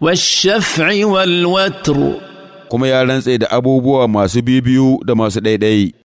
والشفع والوتر kuma ya rantse da abubuwa masu bibiyu da masu ɗaiɗai.